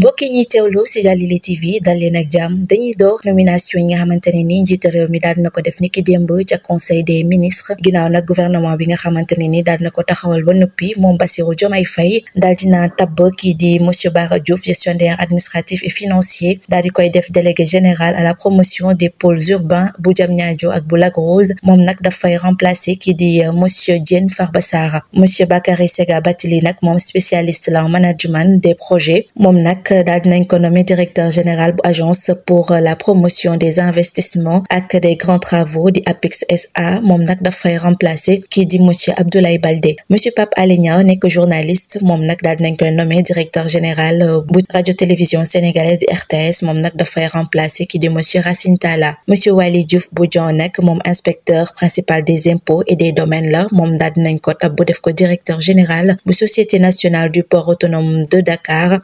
mbokki ñiy teewlu si Jalile TV dal leen ak jàmm dañuy door nomination yi nga xamante ne ni njiitu réew mi daal na ko def niki ki démb ca conseil des ministres ginnaaw nag gouvernement bi nga xamante ne ni daal na ko taxawal ba noppi moom Bassirou Diomaye Faye daal dina tabb kii di monsieur Bara Diouf gestionnaire administratif et financier daal di koy def délégué général à la promotion des pôles urbains bu Diamniadio ak bu Lac Rose moom nag dafay remplacer kii di euh, monsieur Diène Farba Sarr monsieur Bakary Sega Bathily nag moom spécialiste la en management des projets moom nag daal dinañ ko nommé directeur général bu agence pour la promotion des investissements ak des grands travaux di APIX SA moom nag dafay remplacer kii di monsieur Abdoulaye Baldé monsieur Pape Alé Niang nekk journaliste moom nag daal dinañ koy nommé directeur général bu radio télévision sénégalaise di RTS moom nag dafay remplacer kii di monsieur Racine Talla monsieur Waly Diouf bu Dion nag moom inspecteur principal des impôts et des domaines la moom daal dinañ ko tabb def ko directeur général bu société nationale du port autonome de Dakar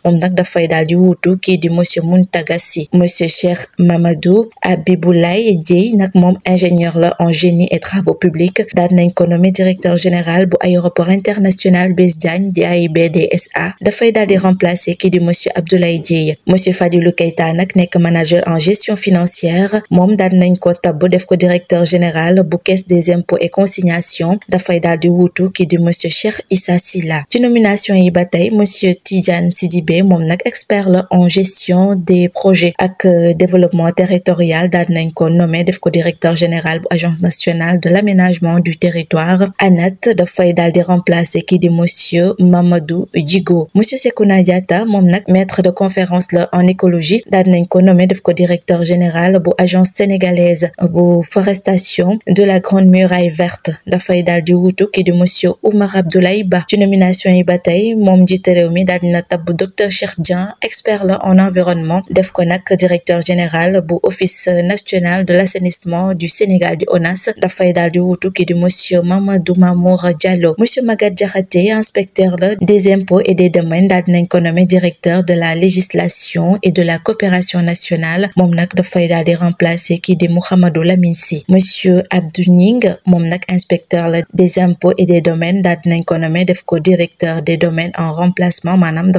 daal m wuutu kii m monsieur Mountaga Sy monsieur Cheikh Mamadou Abiboulaye Dièye nag moom ingénieur la en génie et travaux publics daal nañ ko nommé directeur général bu aéroport international Blaise Diagne di AIBD SA dafay daal di remplacer kii di monsieur Abdoulaye Dièye monsieur Fadilou Keita nag nekk manager en gestion financière moom daal nañ ko tabb def ko directeur général bu caisse des impôts et consignations dafay daal di wuutu kii di monsieur Cheikh Issa Sylla ci nomination yi ba tey monsieur Tidiane Sidibé moom expert la en gestion des projets ak euh, développement territorial daal nañ ko nommé def ko directeur général bu agence nationale de l'aménagement du territoire ANAT dafay daal di remplacer kii di monsieur Mamadou Djigo monsieur Sekouna Diatta moom nag maître de conférence la en écologie daal nañ ko nommé def ko directeur général bu agence sénégalaise bu forestation de la grande muraille verte dafay daal di wutu kii di monsieur Oumar Abdoulaye Ba ci médecin expert la en environnement def ko nag directeur général bu office national de l'assainissement du Sénégal di ONAS dafay daal di wutu ki di monsieur Mamadou Mamour Diallo monsieur Maguette Diakhaté inspecteur la des impôts et des domaines daal dinañ ko nommé directeur de la législation et de la coopération nationale moom nag dafay daal di remplacer ki di Mouhamadou Lamine Sy monsieur Abdou Ning moom nag inspecteur la des impôts et des domaines daal dinañ ko nommé def ko directeur des domaines en remplacement maanaam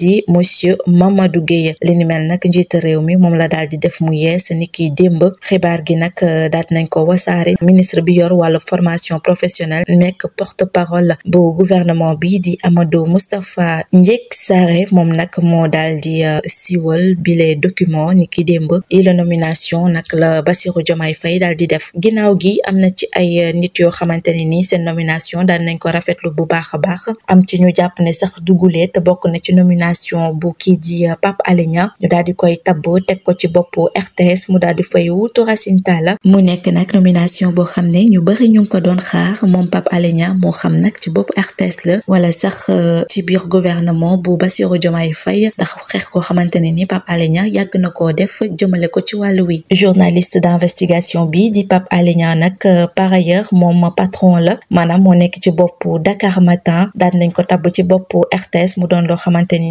di monsieur Mamadou Guèye li mel nag njiitu réew mi moom la daal di def mu yees ni ki démb xibaar gi nag euh, daal nañ ko wasaare ministre bi yor wàllu formation professionnelle nekk porte parole bu gouvernement bi di Amadou Moustapha Njek Sare moom nag moo daal di euh, siiwal bile document ni ki démb yi la nomination nag la Bassirou Diomaye fay daal di def ginnaaw gi am na ci ay euh, nit yoo xamante ni nii seen nomination daal nañ ko rafetlu bu baax a baax am ci ñu jàpp ne nomination bu kii di euh, Pape Alé Niang ñu daal di koy tabb teg ko ci boppu RTS mu daal di fay wuutu Racine Talla mu nekk nag nomination boo xam ne ñu bëri ñu ko doon xaar moom Pape Alé moo xam nag ci bopp RTS la wala sax euh, ci biir gouvernement bu Bassirou Diomaye Faye ndax xeex koo xamante ne ni Pape Alé Niang na ko def jëmale ko ci wàllu wi journaliste d'investigation bi di Pape Alé Niang nag euh, par ailleurs moom patron la maanaam moo nekk ci bopp Dakar Matin daan nañ ko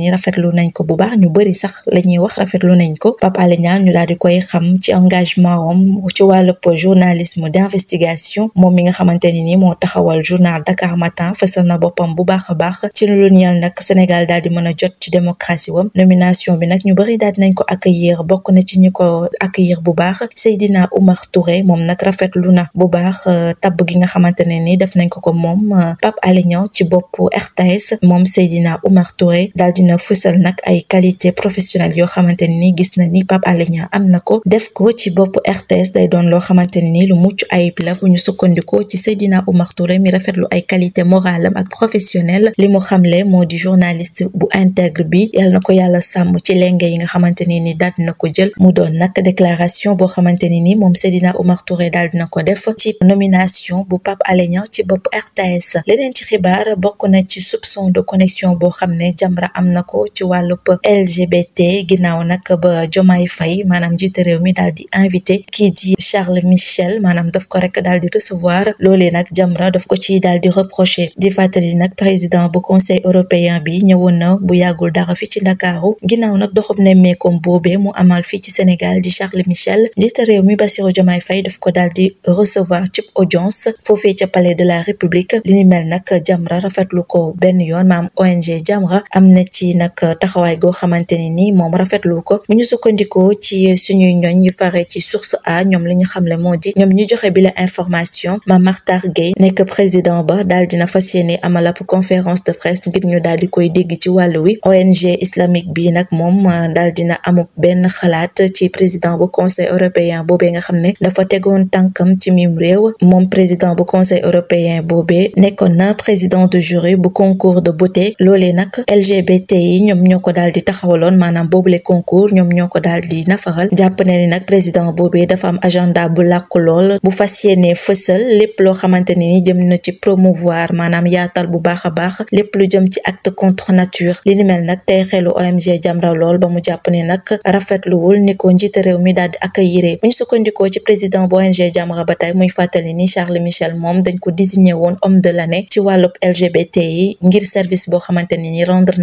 ni rafetlu nañ ko bu baax ñu bëri sax la ñuy wax rafetlu nañ ko Pape Alé Niang ñu daal di koy xam ci engagement am ci wàllub journalisme d'investigation moom mi nga xamante ne ni moo taxawal journal Dakar Matin fësal na boppam bu baax a baax ci lu ñeel nag Sénégal daal di mën a jot ci démocratie wam nomination bi nag ñu bari daal di nañ ko accueillir bokk na ci ñu ko accueillir bu baax Seydina Oumar Touré moom nag rafetlu na bu baax euh, tab gi nga xamante ne ni def nañ ko ko moom euh, Pape Alé Niang ci fësal nag ay qualité professionnelle yoo xamante ne ni gis na ni Pape Alé Niang am na ko def ko ci bopp RTS day doon loo xamante ni lu mucc ayib la bu ñu sukkandikoo ci Seydina Oumar Touré mi rafetlu ay qualité morale ak professionnelle li mu xamle moo di journaliste bu intègre bi yàlla na ko yàlla sàmm ci lenge yi nga xamante ne ni daal na ko jël mu doon nag déclaration boo xamante ne ni moom Seydina Oumar Touré daal dina ko def ci nomination bu Pape Alé Niang ci bopp RTS leneen ci xibaar bokk na ci soupçon ko ci wàllub LGBT ginnaaw nag ba Jomaay fay maanaam jiite réew mi daal di invité kii di Charles Michel maanaam daf ko rek daal di recevoir loolee nag Jamra daf ko ci daal di reproché di fàttali nag président bu conseil européen bi ñëwoon na bu yàggul dara fi ci Ndakaaru ginnaaw nag doxub nemmeekom boobee mu amal fii ci Sénégal di Charles Michel jiite réew mi Bassirou Jomaay fay daf ko daal di recevoir ci audience foofee ca palais de la République li ni mel nag Jamra rafetlu ko benn nag euh, taxawaay goo xamante ne ni moom rafetlu ko bu ñu sukkandikoo ci suñuy ñooñ yu fare ci source a ñoom li ñu xamle moo di ñoom ñu joxe bi la information Mame Mactar Guèye nekk président ba daal dina fas yéene amal ab conférence de presse ngir ñu daal di koy digg ci wàll wi ONG islamique bi nag moom euh, daal dina amub benn xalaat ci président bu conseil européen boobee nga xam ne dafa tegoon tànkam ci mim réew moom président bu conseil européen boobee nekkoon na président yi ñoom ñoo ko daal di taxawaloon maanaam boobule concours ñoom ñoo ko daal di jàpp ne ni nag président boobee dafa am agenda bu làkk lool bu fas yéenee fësal lépp loo xamante ni jëm lu jëm ci acte contre li ni mel nag tey xelu ONG Jamra lool ba mu jàpp ne nag rafetluwul ni ko njiite réew mi daal di accueillir bu ñu sukkandikoo ci président bu ONG Jamra ba tey muy fàttali ni Charles Michel moom dañ ko désigné woon homme de l'année ci wàllub LGBT yi ngir service boo xamante ni rendre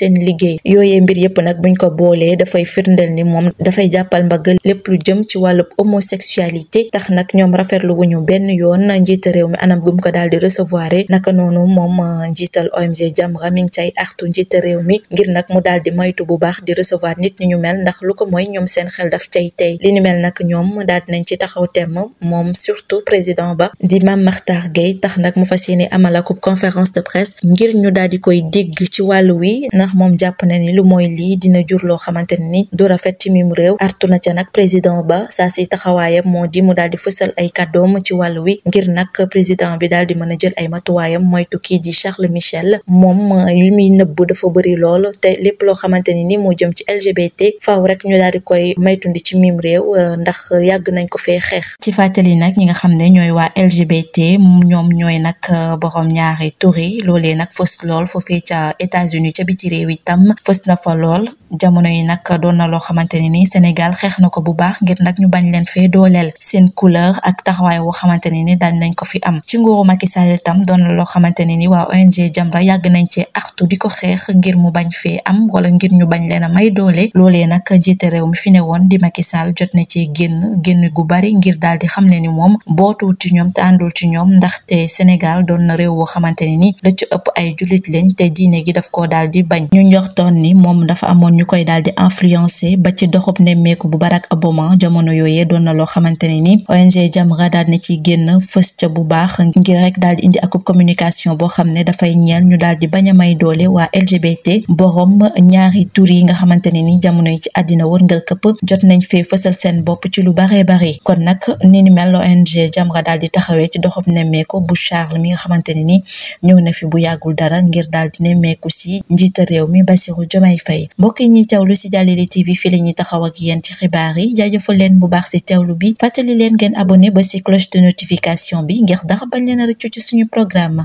seen liggéey yooyee mbir yëpp nag buñ ko boolee dafay firndeel ni moom dafay jàppal mbaggal lépp lu jëm ci wàllub homosexualité tax nag ñoom rafetlu wuñu benn yoon njiita réew mi anam gum ko daal di recevoir naka noonu moom euh, njiital ONG Jamra mi ngi cay artu njiita réew mi ngir nag mu daal di moytu bu baax di recevoir nit ni ñu mel ndax lu ko mooy ñoom seen xel daf cay tey li nu mel nag ñoom daal di nañ ci taxaw temm moom surtout président ba di Mame Makhtar Gueye tax nag mu fas yéene amal akub conférence de presse ngir ñu daal di koy dégg ci wàllu wi ndax moom jàpp na ni lu mooy lii dina jur loo xamante ne ni du rafet ci mim réew artu na ca nag président ba saa si taxawaayam moo di mu daal di fësal ay kàddoom ci wàll wi ngir nag président bi daal di mën a jël ay matuwaayam moytu kii di Charles Michel moom li muy nëbbu dafa bëri lool te lépp loo xamante ni ni moo jëm ci LGBT faw rek ñu daal di koy maytundi ci mim réew ndax yàgg nañ ko fee xeex ci fàttali nag ñi nga xam ne ñooy waa LGBT ñoom ñooy nag borom ñaari réew yi tam fës na fa lool. jamono yi nag doon na loo xamante ne ni Sénégal xeex na ko bu baax ngir nag ñu bañ leen fee dooleel seen couleur ak taxawaay woo xamante ne ni daal nañ ko fi am ci nguuru Macky Sall tam doon na loo xamante ne ni waa ONG Jamra yàgg nañ cee axtu di ko xeex ngir mu bañ fee am wala ngir ñu bañ leen a may doole loolee nag jiite réew mi fi ne woon di Macky Sall jot na ci génn génn gu bari ngir daal di xam le ni moom bootuwul ci ñoom te àndul ci ñoom ndax te Sénégal doon na réew woo xamante ne ni la ci ëpp ay jullit leen te diine gi daf koo daal di bañ ñu njortoon ni moom dafa amoon ñu koy daal di influencer ba ci doxub nemmeeku bu Barack Obama jamono yooyee doon na loo xamante ne ni ONG Jamra daal na ciy génn fës ca bu baax ngir rek daal di indi aku communication boo xam ne dafay ñeel ñu daal di bañ a may doole waa LGBT borom ñaari tur yi nga xamante ne ni jamono yi ci àddina wërngal këpp jot nañ fee fësal seen bopp ci lu baree bari kon nag ni ni mel ONG Jamra daal di taxawee ci doxub nemmeeku bu Charles mi nga xamante ne ni ñëw na fi bu yàggul dara ngir daal di nemmeeku si njiita réew mi Bassirou Diomaye Faye ñuy teewlu si Jàllale TV fii la ñuy taxaw ak yéen ci xibaar yi jaajëfal leen bu baax si teewlu bi fàttali leen ngeen abonné ba si cloche de notification bi ngir dara bañ leen a rëccu ci suñu programme